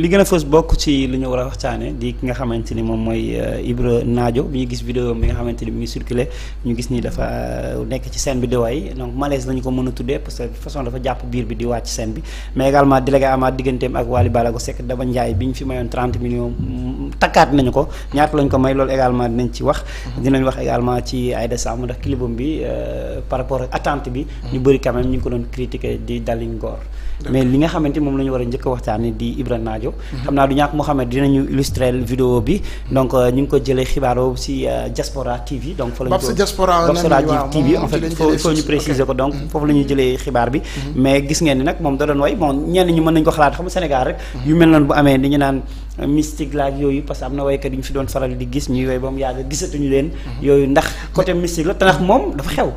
li gën a bokk ci lu ñu war a waxtaane di ki nga xamante ni moom mooy euh, Ibra Naajo bi ñu gis vidéo bi nga xamante ni mu ngi circulé ñu gis ni dafa euh, nekk ci scène bi di waay donc malaise la ñu ko mën a tuddee parce façon dafa jàpp biir bi di wàcc scène bi mais également délégué amaat digganteem ak Wally Ballago Seck Daba Ndiaye bi ñu fi mayoon 30 millions takkaat nañu ko ñaata lañ ko may loolu également dinañ ci wax dinañ wax également ci Aïda Samb ndax clipam bi euh, par rapport ak attente bi ñu bëri quand même ñu ngi ko doon critiquer di dali ngoor mais li nga xamante moom la war a njëkk waxtaani di Ibra Naajo mhm. xam naa du ñàkk moo dinañu illustrer vidéo bi donc euh, ñu ngi ko jëlee xibaaroo euh, si Diaspora TV TV donc mhm. foofu la ñuy xibaar bi mhm. mais gis ngeen ni nag moom da doon way bon ñenn ñu mën nañu ko xalaat mystique laak yooyu parce que am na waykat yu ñu fi doon faral di gis ñuy woy ba mu yàgg gisatuñu leen. yooyu ndax côté mystique la te ndax moom dafa xew.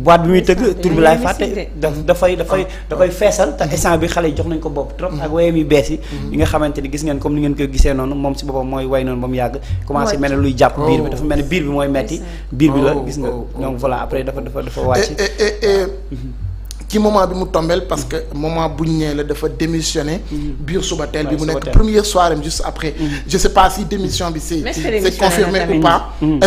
boîte bi muy tëgg tur bi laay fàtte. dafay dafay ah. da koy feesal te instant bi xale yi jox nañ ko bopp trop. ak wayam yu bees mm-hmm. yi. nga xamante ni gis ngeen comme ni ngeen koy gisee noonu moom si boppam mooy way noonu ba mu yàgg. commencé mel ne luy jàpp biir bi dafa mel biir bi mooy metti biir bi la oh, gis nga oh, oh. donc voilà ci moment bi mu tombeel parce que moment buñ nee la dafa démissionné. Mm-hmm. biir suba teel bi mu nekk première soirée juste après. Mm-hmm. je sais pas si démission bi c'est mm-hmm. que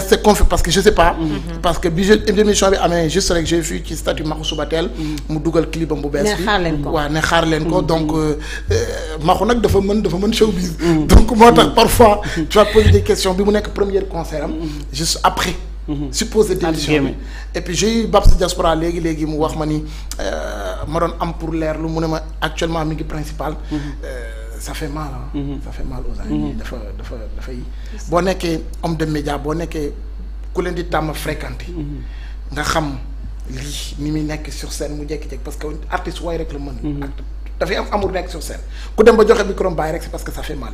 c'est confirmé parce que je sais pas. parce que bi je démission bi amee juste rek j'ai vu ci statut Maxu suba teel. mu dugal clip bu bees bi leen ko waaw ne xaar leen ko donc euh, euh, Maxu nag dafa mën dafa mën showbiz. donc moo tax parfois tu vas poser des bi mu nekk première concert am juste après. Mhm. supposé démission et puis j'ai eu Babs Diaspora léegi léegi mu wax ma ni euh, ma doon am pour leer lu mu ne ma actuellement mi ngi principal. Mhm. Euh, ça fait mal ah. ça fait mal aux amis. dafa dafa dafay. boo nekkee homme de média boo nekkee ku leen di tàmm fréquenté. nga xam lii ni muy nekk sur scène mu jékki-jékki parce que artiste way rek la mën. dafay am amour nekk sur scène ku dem ba joxe micro baay rek parce que ça fait mal.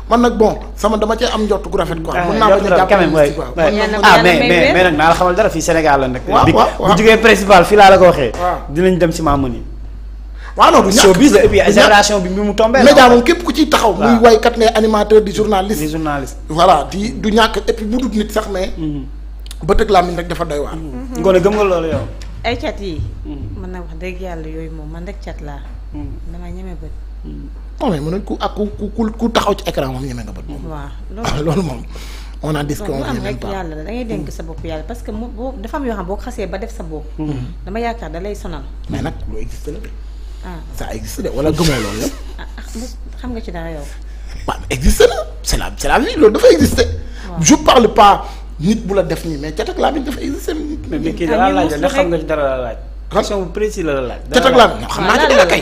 man nag bon sama dama cee am njort gu rafet quoi. Ah, mën naa bañ a jàppale ah mais mais mais nag naa la xamal dara fii Sénégal la nag. waaw waaw bu jugee principal fii laa la ko waxee. dinañ dem si Mamoun yi. waaw non du ñàkk showbiz et puis génération bi mu tombé la. média moom képp ku ciy taxaw. muy waykat di journaliste. di journaliste. voilà di du ñàkk et puis sax mais. Mm-hmm. ba tëgg laa miin rek dafa doy waar. Mm-hmm. ngoone gëm nga loolu yow. ay cat yi. Mm-hmm. man nag wax dëgg yàlla yooyu moom man rek cat laa. dama ñeme bët non mais mën nañ ku ak ku ku taxaw ci écran moom ñeme nga bët. waaw loolu moom. on a disque on vient même pas yàlla la da ngay dénk sa bopp yàlla parce que mu boo dafa am yoo xam ba def sa bopp. Mm-hmm. dama yaakaar da lay sonal. mais nag lu existe la de. ah ça existe de ah, ah, xam nga ci dara yow. waaw existe la c'est la c'est la vie loolu dafa exister. je parle pas nit bu la def nii mais catak laa bi dafa exister. nit mais kii ah, dara laaj la xam nga ci dara la laaj. question bu précis la la laaj. dara la xam naa ci dara kay.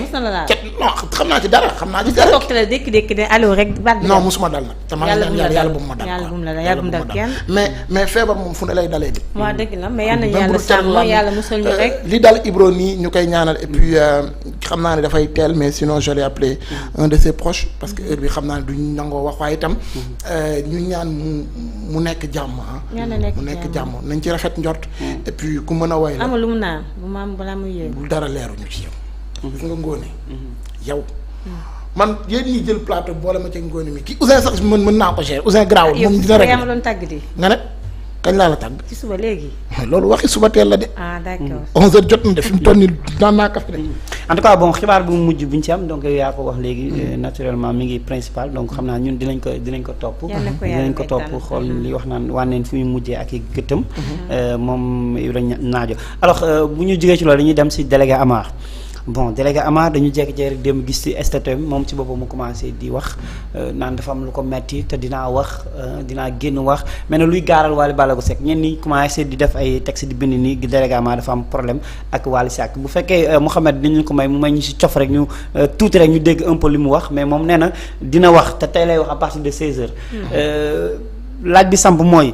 xam naa ci dara xam naa ci dara. toog la dékk-dékk ne allo rek. non musuma dal nag. yàlla bu mu la ma dal yàlla bu mu la dal yàlla bu mu dal kenn. mais mais feebar moom fu ne lay dalee bi. waaw dëgg la mais euh, euh, naa ne dafay teel mais sinon je l'ai appelé un de ses proches parce que heure bi xam naa ne duñ nangoo wax waaye itam. Euh, ñu ñaan mu nekk jàmm ah. mu nekk jàmm nañ ci rafet njort mm. et puis ku mën a woy la balaa muy yéeg dara leeruñu ci yow. Mm-hmm. gis nga ngóone. Mm-hmm. yow. Mm-hmm. man yéen ñi jël plateau boole ma ca ngóone mi kii Ouzin sax mën mën naa ko gérer Ouzin garaawul. moom dina rek doon tàgg di nga ne kañ laa la tàgg. ci suba léegi. loolu waxi suba teel la de. ah d'accord jot na de fi mu toll nii daan de. en tout cas bon xibaar bu mujj bu ñu ci am donc yaa ko wax léegi mm. euh, naturellement mi ngi principal donc xam naa ñun dinañ ko dinañ ko topp dinañ ko topp xool li wax naan wànneen fi muy mujjee ak i gëttam mm-hmm. euh, moom a Naajo alors euh, bu ñu jógee ci loolu ñuy dem si délégué Amar bon délégué Amar dañu jékki-jékki rek dem gis ci STTM moom si boppam mu commencé di wax euh, naan dafa am lu ko metti te dinaa wax euh, dinaa génn wax mais nag luy gaaral Wally ko Seck ñenn nii commencé di def ay texte di bind nii délégué Amar dafa am problème ak Wally Seck bu fekkee euh, Mouhamed dinañu ko may mu may ñu si cof rek ñu tuuti rek ñu dégg un li mu wax mais moom neena dina wax te tey lay wax à partir de 16 heures. Hmm. laaj bi samp mooy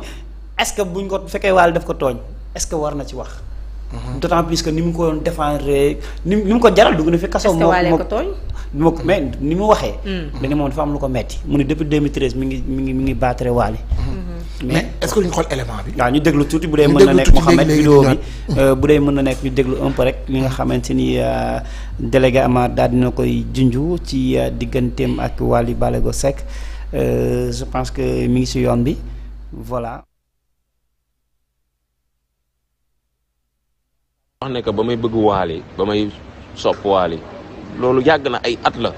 est-ce que buñ ko fekkee Wally daf ko tooñ est-ce que war na ci wax. Mm-hmm. d' autant plus que ni mu ko doon défendre ni mu ko jaral dugg na fi kaso. moo moo mais ni mu waxee. Mm-hmm. dañu moom dafa am lu ko metti mu ne depuis 2013 mi ngi mi ngi mi ngi battre Wally. Mm-hmm. mais est ce que duñu xool élément bi. waaw ñu déglu tuuti bu dee mën na nekk Mouhamed vidéo bi euh, bu dee mën na nekk ñu déglu un rek li nga xamante ni euh, délégué Amar daal dina koy junju ci euh, digganteem ak Wally Ballago Seck je pense que mi ngi si yoon bi voilà. wax ne que ba may bëgg waali ba may sopp waali loolu yàgg na ay at la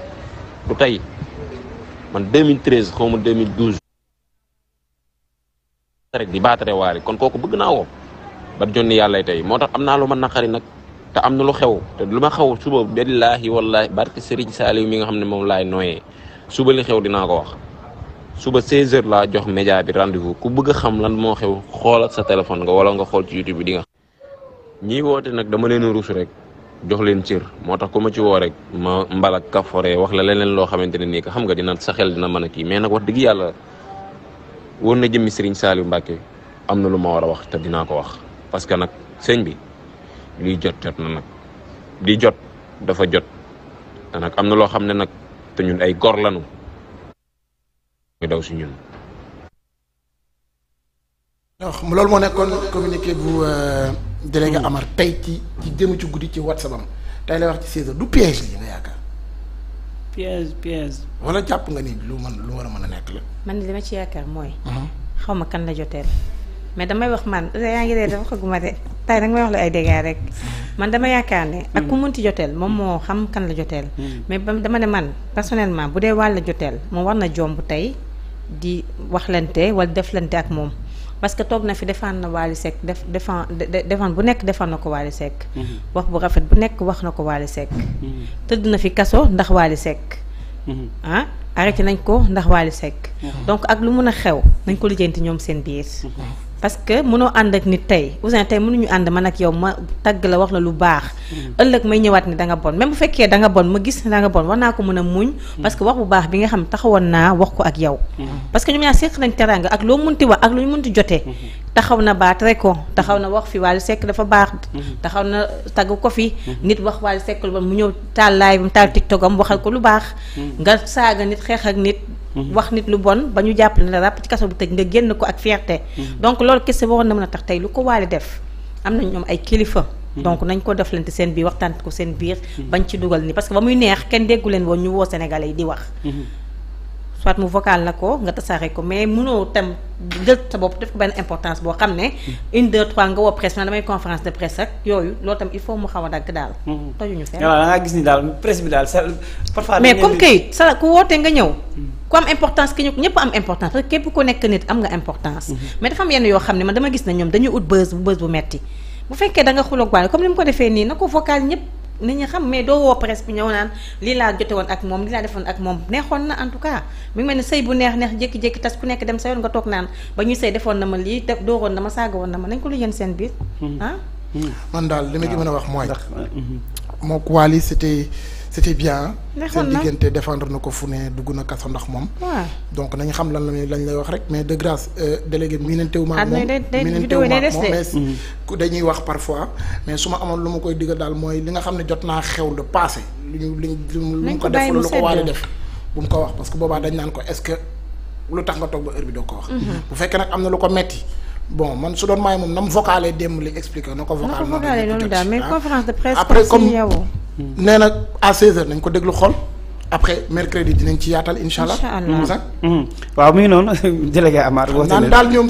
du tey man 2013 xaw ma 2012 rek di baatare waali kon kooku bëgg naa ko ba jonni yàlla tey moo tax am naa lu ma naqari nag te am na lu xew te lu ma xew suba billaahi wallaahi barke Serigne Saliou mi nga xam ne moom laay nooyee suba li xew dinaa ko wax suba 16 heures laa jox média bi rendez-vous ku bëgg xam lan moo xew xoolal sa téléphone nga wala nga xool ci YouTube bi di ñiy woote nag dama leen a ruus rek jox leen cër moo tax ku ma ci woo rek ma mbalak kafore wax la leneen loo xamante ne nii xam nga dina sa dina mana a kii mais nag wax dëgg yàlla wóor na jëmmi siriñ Saliou Mbacke am na lu ma war a wax te dinaa ko wax parce que nag sëñ bi liy jot jot na nag di jot dafa jot te nag am na loo xam ne nag te ñun ay gor lanu muy daw si ñun alors loolu moo nekkoon communiqué bu euh, délégué Amar tey ci ci ci guddi ci WhatsApp am tey lay wax ci seize heures du piège lii nga yaakaar. piège piège. wala jàpp nga ni lu mën lu war a mën a nekk la. man ni ma ci yaakaar mooy. Mhm. xaw ma kan la joteel. mais damay wax man yaa ngi dee xaguma de tay nag may wax la ay dégâts rek man dama yaakaar ne. ak ku munti joteel moom moo xam kan la joteel. Mhm. mais ba dama ne man personnellement bu dee wàll joteel moom war na jomb tey di waxlante wala deflante ak moom. parce que toog na fi defaan na Wally Seck def defaan defaan bu nekk defaan na ko Wally Seck. Mm-hmm. wax bu rafet bu nekk wax na ko Wally Seck. Mm-hmm. tëdd na fi kaso ndax Wally Seck. Mm-hmm. ah arrêté nañ ko ndax Wally Seck. donc ak lu mun a xew nañ ko lijjanti ñoom seen biir. parce que mënoo ànd ak nit tey Ouzin tey mënuñu ànd man ak yow ma tagg la wax la lu baax. Mm-hmm. ëllëg may ñëwaat ni da nga bon même bu fekkee da nga bon ma gis ne da nga bon war naa ko mën a muñ. Mm-hmm. parce que wax bu baax bi nga xam taxawoon naa wax ko ak yow. Mm-hmm. parce que ñoom ñaar seq nañ teraanga ak loo munti wax ak lu ñu munti jotee. taxaw na baat rek ko taxaw na wax fi Wally sekk dafa baax. taxaw na tagg ko fi. nit wax Wally Seck lu bon mu ñëw taal live mu taal tiktok am waxal ko lu baax. nga saaga nit xeex ak nit. Mhm. wax nit lu bon ba ñu jàpp ne la ràpp ci kaso bu tëj nga génn ko ak fierté. Mhm. donc loolu kese waroon na mën a tax tey lu ko waale def am nañ ñoom ay kilifa. Mhm. donc nañ ko deflante seen biir waxtaan ko seen biir. bañ ci dugal ni parce que ba muy neex kenn déggu leen woon ñu woo sénégalais yi di wax. soit mu vocal na ko nga tasaare ko mais munoo tam jël sa bopp def ko benn importance boo xam ne. une deux trois nga woo presse na damay conférence de presse tam il faut mu xaw a dagg daal. tojuñu fenn. waaw da ngaa gis ni daal presse bi daal sa parfois. mais comme kayit nga ñëw. ku am importance ki ñu ñëpp am importance parce que képp ku nekk nit am nga importance. Mhm. mais dafa am yenn yoo xam ne man dama gis ne ñoom dañuy ut bës bu bës bu metti bu fekkee da nga xuloog nii laa jote woon ak moom lii laa defoon ak moom neexoon na en tout cas ngi mel ne sëy bu neex neex jékki-jékki tas ku nekk dem sa yoon nga toog naan ba ñuy sëy defoon na ma lii def dooroon na ma saaga woon na ma nañ ko lu yéen seen biir hmm. Ah? Hmm. man daal li ma ci mën a wax mooy hmm. mook Wally c'était c'était bien. seen diggante défendre na ko fu ne dugg na kaso ndox moom. donc nañ xam lan lañ lañ lay wax rek mais de grâce euh, délégué miinantewuma ak ah, moom. miinantewuma ak moom mais mm-hmm. dañuy wax parfois. mais su ma amoon lu ma koy digal daal mooy li nga xam ne jot naa xew le passé. lu ñu lu ñu ko def lu ko war def. ko wax parce que boobaa dañ naan ko est-ce que lu tax nga toog ba heure bi doo ko wax. Mm-hmm. bu fekkee nag am na lu ko metti bon man su doon maay moom na mu vocalé démb li expliqué na ko. vocalé ah. après comme nee na à 16h nañ ko déglu xool après mercredi dinañ ci yaatal incha allah. incha allah mm-hmm. waaw mi ngi noonu délégué Amar woote naan daal ñoom